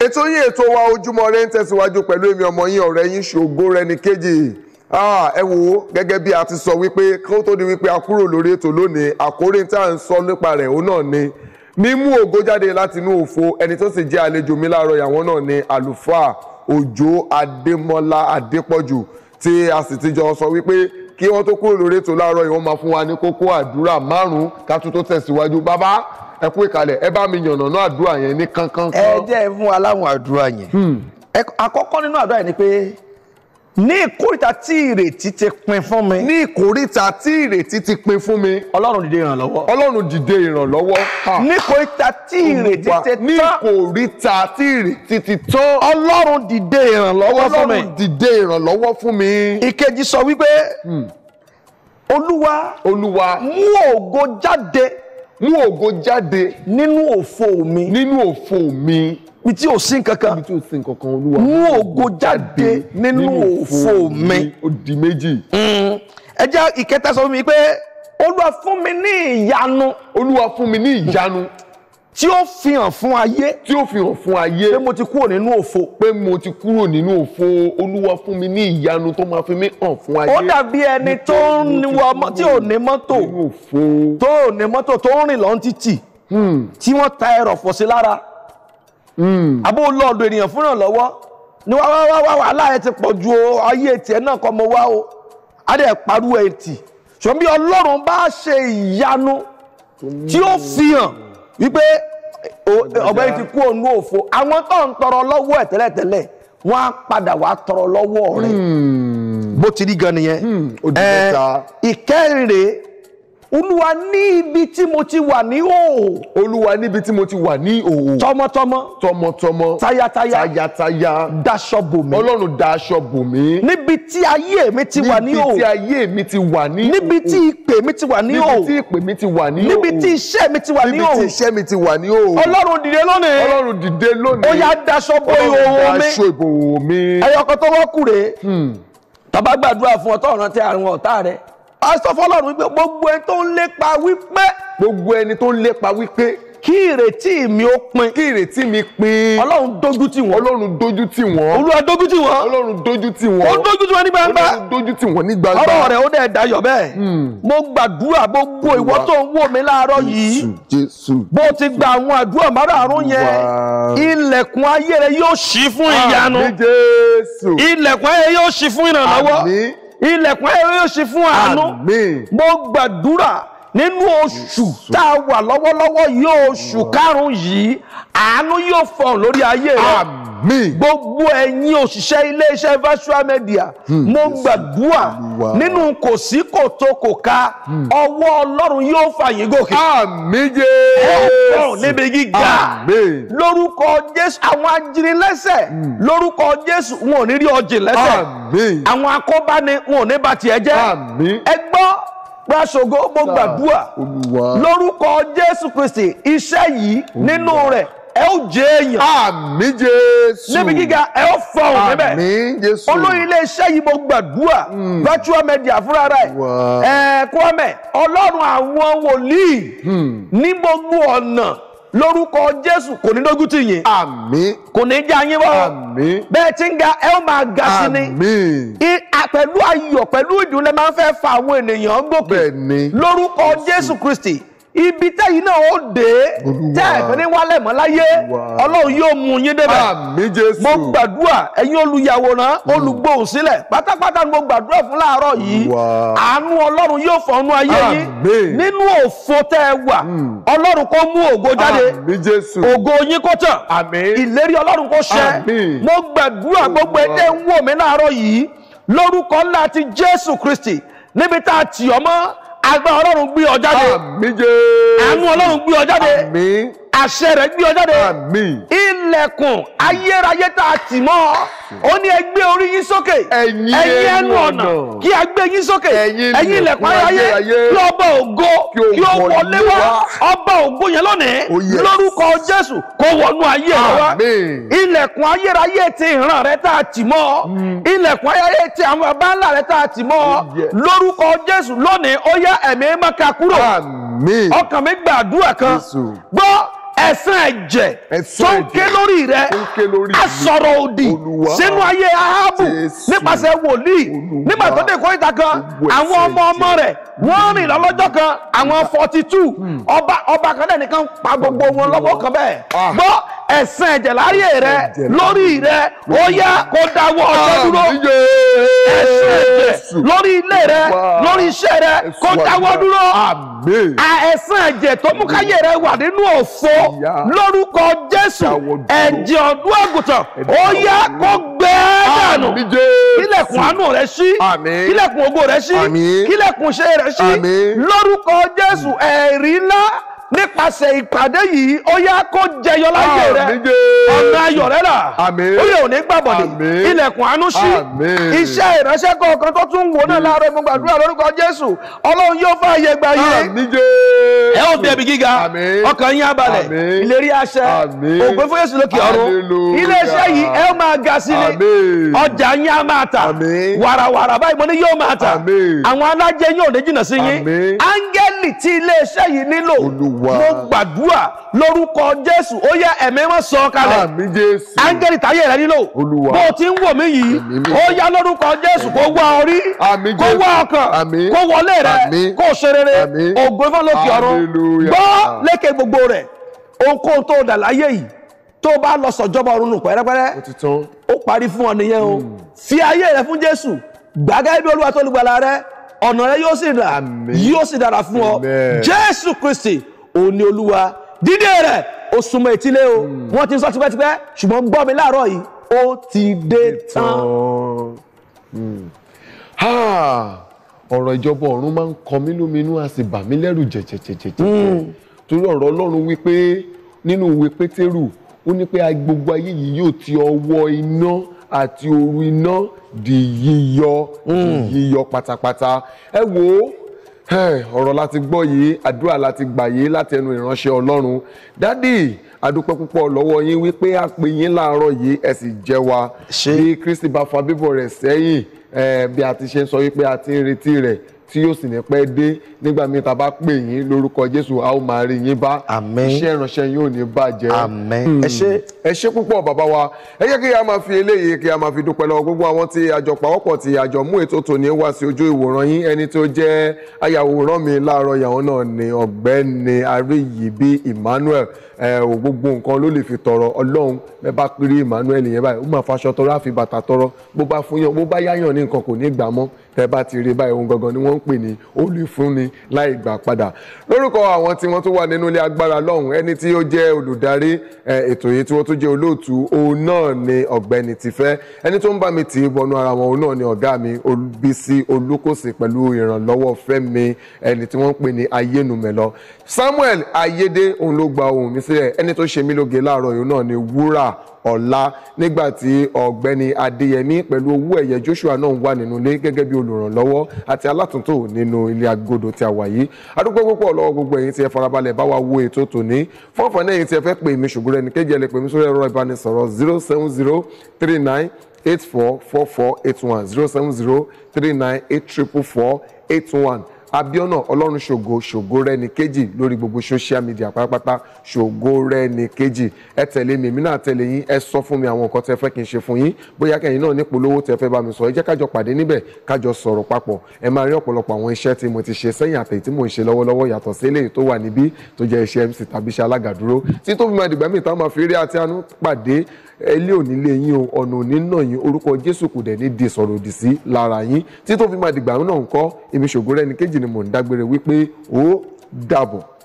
ètò yín ètò wa ojúmọ́ ire ń tẹ̀síwájú pẹ̀lú èmi ọmọ yín ọ̀rẹ́ yín Ṣògorẹ̀níkejì ẹ wò ó gẹ́gẹ́ bí a ti sọ wípé kó tó di wípé a kúrò lórí ètò lónìí àkórí tá à ń sọ nípa rẹ̀ òun náà ni mímú ògo jáde láti inú òfo ẹni tó sì jẹ́ àlejò mi láàárọ̀ yàwọn náà ni àlùfáà Òjó Adémọ́lá Adépọ̀jù tí a sì ti jọ sọ wípé kí wọ́n tó kúrò lórí ètò láàárọ̀ yìí wọ́n máa fún wa ní kókó àdúrà márùn ká tún tó tẹ̀síwájú bàbá ẹ kú ìkàlẹ̀ ẹ bá mi yànnàná àdúrà yẹn ní kankan. ẹ jẹ́ fún wa láwọn àdúrà yẹn. Hmm. àkọ́kọ́ nínú àdúrà yẹn ni pé ní ìkórìtà tí ìrètí ti pin fún mi. ní ìkórìtà tí ìrètí ti pin fún mi. ọlọ́run dìde ìrànlọ́wọ́. ọlọ́run dìde ìrànlọ́wọ́. ní ìkórìtà tí ìrètí ti tán. ní ìkórìtà tí ìrètí ti tán. ọlọ́run dìde ìrànlọ́wọ́ fún mi. ọlọ́run dìde ìrànlọ́wọ́ fún mi. ìkejì sọ wípé hmm. olúwa olúwa mú ògo jáde mú ògo jáde. nínú òfò mi. nínú òfò mi ibi tí o sin kankan ibi tí o sin kankan olúwa mú ògo jáde nínú òfò mi ó di méjì. Mm. ẹ jẹ́ ìkẹta sọ fún mi pé olúwa fún mi ní ìyanu. olúwa fún mi ní ìyanu tí ó fi hàn fún ayé. tí ó fi hàn fún ayé. pé mo ti kúrò nínú òfo. pé mo ti kúrò nínú òfo olúwa fún mi ní ìyanu tó máa fi mí hàn fún ayé. ó dàbí ẹni tó ń wọ tí ò ní mọ́tò tó ò ní mọ́tò tó ń rìn lọ títì hmm. tí wọ́n ta ẹrọ̀fọ̀ sí lára. Hmm. àbó lọ́ọ̀dọ̀ ènìyàn fún ìrànlọ́wọ́ ni wá wá wá wá wàhálà rẹ ti pọ̀ ju ayé tiẹ̀ náà kọ́ mo wá o á parú ẹ̀ tì ṣùgbọ́n bí ọlọ́run bá ṣe ìyanu tí ó fi hàn wípé ọ̀gbẹ́ni ti kú òun òfo àwọn tó ń tọrọ lọ́wọ́ ẹ̀ tẹ́lẹ̀tẹ́lẹ̀ wọ́n á padà wá tọrọ lọ́wọ́ rẹ̀ hmm. bó ti rí gan nìyẹn hmm. ìkẹrìnrè olúwa ní ibi tí mo ti wà ní òò. olúwa níbi tí mo ti wà ní òò. tọmọtọmọ. tọmọtọmọ. tayataya. tayataya. daṣọ bò mí. ọlọ́run daṣọ bò mí. níbi tí ayé mi ti wà ní òò. níbi tí ayé mi ti wà ní òò. níbi tí ìpè mi ti wà ní òò. níbi tí ìpè mi ti wà ní òò. níbi tí iṣẹ́ mi ti wà ní òò. níbi tí iṣẹ́ mi ti wà ní òò. ọlọ́run dìde lónìí. ọlọ́run dìde lónìí. ó yá daṣọ bo ọlọ́run daṣọ a sọ fọlọ́run wípé gbogbo ẹni tó ń lépa wípé. gbogbo ẹni tó ń lépa wípé kí ìrètí mi ó pin. kí ìrètí mi pin. ọlọ́run dójú tì wọ́n. ọlọ́run dójú tì wọ́n. olúwa dójú tì wọ́n. ọlọ́run dójú tì wọ́n. ó dójú tì wọ́n ní gbangba. ọlọ́run dójú tì wọ́n ní gbangba. ọ̀rọ̀ rẹ̀ ó dẹ̀ dayọ̀ bẹ́ẹ̀. Hmm. mo gbàdúrà gbogbo ìwọ tó ń wò mí láàárọ̀ yìí. bó ti gba àwọn àdúrà márààrún yẹn. ilẹ̀kùn ayé rẹ yóò ṣí fún ìyanu. ilẹ̀kùn ayé yóò ṣí fún ilẹ̀kùn ayọ̀ yóò ṣí fún àánú mo gbàdúrà nínú oṣù tá a wà lọ́wọ́lọ́wọ́ yóò oṣù karùn-ún yìí àánú yóò fọ̀n lórí ayé rẹ̀ àmín. gbogbo ẹ̀yin òṣìṣẹ́ iléeṣẹ́ virtual media hmm. mo gbàdúrà nínú kò sí kòtò kò ká hmm. ọwọ́ ọlọ́run yóò fà yín gòkè. àmín jésù. ọ̀pọ̀ níbi gíga lórúkọ jésù àwọn ajínigbẹ́sẹ̀ hmm. lórúkọ jésù wọn ò ní rí ọjìn lẹ́sẹ̀ àwọn akọ́báni wọn ò ní bà tiẹ̀ jẹ́ ẹ gbọ́ pàṣọgó mo gbàdúrà lórúkọ jésù kristi iṣẹ́ yìí nínú rẹ̀ ẹ ó jẹ èèyàn. àmì jésù. níbi gíga ẹ ó fọ òun níbẹ̀. àmì jésù. olórí iléeṣẹ́ yìí mo gbàdúrà. Hmm. virtual media fúnra rẹ̀. ẹ Kwame ọlọ́run àwọn wòlíì. Hmm. ní gbogbo ọ̀nà lórúkọ jésù kò ní dójú tì yín. àmín. kò ní já yín wọ́. àmín. bẹ́ẹ̀ tí ń ga ẹ ó máa ga sí ni. àmín. pẹ̀lú ayọ̀ pẹ̀lú ìdùnnú lẹ máa ń fẹ́ fa àwọn ènìyàn gòkè. bẹ́ẹ̀ lórúkọ jésù kristi ibi tẹ́yìn náà ó dé tẹ́ ẹ̀fẹ́ ní wálẹ̀ mọ́ láyé ọlọ́run yóò mú yín débẹ̀ mo gbàdúrà ẹ̀yin olùyàwòrán hmm. olùgbòhùn sílẹ̀ pátápátá ni mo gbàdúrà fún láàárọ̀ yìí àánú ọlọ́run yóò fọ̀nú ayé yín nínú òfo tẹ́ ẹ wà hmm. ọlọ́run kó mú ògo jáde ògo yín kó tàn ìlérí ọlọ́run kó ṣẹ mo gbàdúrà gbogbo ẹ̀ ń wò mí láàárọ̀ yìí lórúkọ ńlá Jésù Kristi níbi tá a tì ọ́ mọ́ agbára ọlọ́run gbé ọ jáde àánú ọlọ́run gbé ọ jáde àṣẹ rẹ̀ gbé ọ jáde ilẹ̀kùn ayérayé tá a tì mọ́ ó ní egbe orí yín sókè ẹ̀yin ẹnu ọ̀nà kí a yín sókè ẹ̀yin ilẹ̀kùn ayé kí ọba ògo kí ó wọlé wá ọba ògo yẹn lónìí oh, lórúkọ jésù kó wọnú ayé rẹ wá ilẹ̀kùn ayérayé ti ìran rẹ tá a tì mọ́ mm. ilẹ̀kùn ayérayé ti àwọn baba ńlá rẹ tá a tì mọ́ oh, lórúkọ jésù lónìí ó ẹ̀mí ọkàn mi gbàdúrà kan ẹ̀sán ẹ̀jẹ̀ tó ń ké lórí rẹ á sọ̀rọ̀ òdì sínú ayé ahabu nípasẹ̀ wòlíì nígbà tó dé kóríta kan àwọn ọmọ ọmọ rẹ̀ wọ́n rìn lọ́lọ́jọ́ kan àwọn hmm. forty two hmm. ọba ọba kan náà nìkan pa gbogbo wọn lọ́wọ́ kan bẹ́ẹ̀ ah. gbọ́ ẹ̀sán ẹ̀jẹ̀ láyé rẹ lórí rẹ ó yá kó dáwọ́ ọjọ́ ah, dúró ẹ̀sán ẹ̀jẹ̀ lórí ilé rẹ lórí iṣẹ́ rẹ kó dáwọ́ dúró ẹ̀sán ẹ̀jẹ̀ tó mú káyé rẹ wà nínú òfo lórúkọ jésù ẹ̀jẹ̀ ọdún àgùntàn ó yá kó gbẹ dànù kílẹ̀kùn àánú rẹ ṣí kílẹ̀kùn ògo rẹ ṣí kílẹ̀kùn ṣe rẹ ṣí lórúkọ jésù ẹ̀rí ńlá nípasẹ̀ ìpàdé yìí ó yá kó jẹyọ láyé rẹ ayọ̀ rẹ rà ó yẹ òní gbàbọ̀dé ilẹ̀kùn àánú sí iṣẹ́ ìránṣẹ́ kọ̀ọ̀kan tó tún wò náà láàárọ̀ mo gbàdúrà lórúkọ Jésù Ọlọ́run yóò fà àyè gba yín ẹ ó fi ẹbí gíga ọkàn yín á balẹ̀ ìlérí àṣẹ ògbé fún Jésù lókè ọ̀run iléeṣẹ́ yìí ẹ ó máa ga sí ni ọjà yín á máa tà wàràwàrà báyìí mo ní yóò máa tà àwọn alájẹ yín ò ní jìnnà sí yín áńgẹ́lì. Ísírẹ́lì tí iléeṣẹ́ yìí nílò mo gbàdúrà lórúkọ Jésù ó yá ẹ̀mí mọ́ sọ kalẹ̀ áńgẹ́lì táyé rẹ nílò bó o ti ń wò mí yìí ó yá lórúkọ Jésù kó wá orí kó wá ọkàn kó wọlé rẹ kó ṣe rere ògo fún lókè ọ̀run gbọ́ lékè gbogbo rẹ̀ ohunkóhun tó dà láyé yìí tó bá lọ sọ̀jọba ọ̀run nù pẹ́rẹ́pẹ́rẹ́ ó parí fún ọ nìyẹn o hmm. fi ayé rẹ fún Jésù gbàgẹ́ bí Olúwa tó lùgbàlà rẹ ọ̀nà rẹ yóò sì rà yóò sì dára fún ọ jésù kristi òun ni olúwa dídé rẹ̀ ó súnmọ́ etílé o hmm. wọ́n ti ń sọ tipẹ́tipẹ́ ṣùgbọ́n gbọ́ mi láàárọ̀ yìí ó ti dé tán. Hmm. ọ̀rọ̀ ìjọba ọ̀run máa ń kọ mí lóminú a sì bà mí lẹ́rù jẹ̀jẹ̀jẹ̀jẹ̀ hmm. torí ọ̀rọ̀ ọlọ́run wípé nínú ìwé pétérù ó ní pé gbogbo ayé yìí yóò ti ọwọ́ iná àti oru iná di yíyọ di hmm. yíyọ pátápátá ẹ wò ó ọ̀rọ̀ láti gbọ́ yìí àdúrà láti gbà yìí láti ẹnu ìránṣẹ́ ọlọ́run dádì àdúpẹ́ púpọ̀ lọ́wọ́ yín wípé a pè yín láàárọ̀ yìí ẹ sì jẹ́ wa bí kristi bá fa bíbọ̀ rẹ̀ sẹ́yìn bí a ti ṣe ń sọ wípé a ti ń retí rẹ̀ tí yóò sì ní pẹ́ dé nígbà míì tá bá pè yín lórúkọ jésù a ó máa rí yín bá iṣẹ́ ìránṣẹ́ yín ò ní bàjẹ́ hmm. ẹ ṣé ẹ bàbá wa ẹ jẹ́ kí a máa fi eléyìí kí a máa fi dúpẹ́ lọ́wọ́ gbogbo àwọn tí àjọ pàwọ́pọ̀ tí àjọ mú ètò tòní wá sí ojú ìwòran yín ẹni tó jẹ́ ayàwòrán mi láàárọ̀ yàwọn náà ni ọ̀gbẹ́ni Àríyìbí Emmanuel ò gbogbo nǹkan ló lè fi tọrọ Ọlọ́run bẹ́ẹ̀ bá kiri Emmanuel yẹn báyìí ó máa faṣọ tọrọ àfi bàtà tọrọ bó bá fún yàn bó bá yáyàn ní nǹkan kò ní gbà mọ́ tẹ́ bá ti rí báyìí ohun gangan ni wọ́n ń pè ní olùfúnni láì gbà padà lórúkọ àwọn tí wọ́n tún wà nínú ilé agbára lọ́hùn ẹni tí ó jẹ́ olùdarí ètò yìí tí wọ́n tún jẹ́ olóòtú òun náà ni ọ̀gbẹ́ni Tìfẹ́ ẹni tó ń bá mi tì í wọnú ara wọn òun náà ni ọ̀gá mi Olúbísí Olúkòsì pẹ̀lú ìrànlọ́wọ́ Fẹ́mi ẹni tí wọ́n ń pè ní ayénumẹ̀lọ Samuel Ayédè òun ló gba ohùn mi sílẹ̀ ẹni tó ṣe mí lóge láàárọ̀ yìí náà ni Wúrà ọ̀la nígbà tí ọ̀gbẹ́ni adéyẹmí pẹ̀lú owó ẹ̀yẹ joshua náà wà nínú ilé gẹ́gẹ́ bí olùrànlọ́wọ́ àti alátúntò nínú ilé agodo tí a wà yìí adúgbò púpọ̀ lọ́wọ́ gbogbo ẹ̀yin tí ẹ farabalẹ̀ bá wa wo ètò tòní fọ́ọ̀fọ̀ náà ẹ̀yin tí ẹ fẹ́ pè mí ṣùgbọ́n ẹnì kejì ẹ lè sórí ẹ̀rọ ìbánisọ̀rọ̀ zero seven zero three nine eight four four four eight one zero seven zero three nine eight triple four eight one abiona ọlọ́run ṣògo ṣògo rẹni kejì lórí gbogbo social media pátápátá ṣògo rẹni kejì ẹ tẹ̀lé mi èmi náà tẹ̀lé yín ẹ sọ fún mi àwọn nǹkan tẹ fẹ́ kí n ṣe fún yín bóyá kẹ́yìn náà nípolówó tẹ fẹ́ bá mi sọ ẹ jẹ́ kájọ pàdé níbẹ̀ kájọ sọ̀rọ̀ papọ̀ ẹ máa rí ọ̀pọ̀lọpọ̀ àwọn iṣẹ́ tí mo ti ṣe sẹ́yìn àtẹ̀yìn tí mò ń ṣe lọ́wọ́lọ́wọ́ yàtọ̀ sí eléyìí tó wà níbí tó jẹ́ iṣẹ́ MC tàbí iṣẹ́ alágàdúró tí tó fi máa dìgbà yín o ọ̀nà òní náà yín orúkọ Jésù kù dẹ̀ ní di sọ̀rọ̀ òdì sí lára yín tí tó fi máa dìgbà náà ń kọ́ èmi ṣògo rẹ́ni kejì ní ni mò ń dágbére wípé ó dàbọ̀.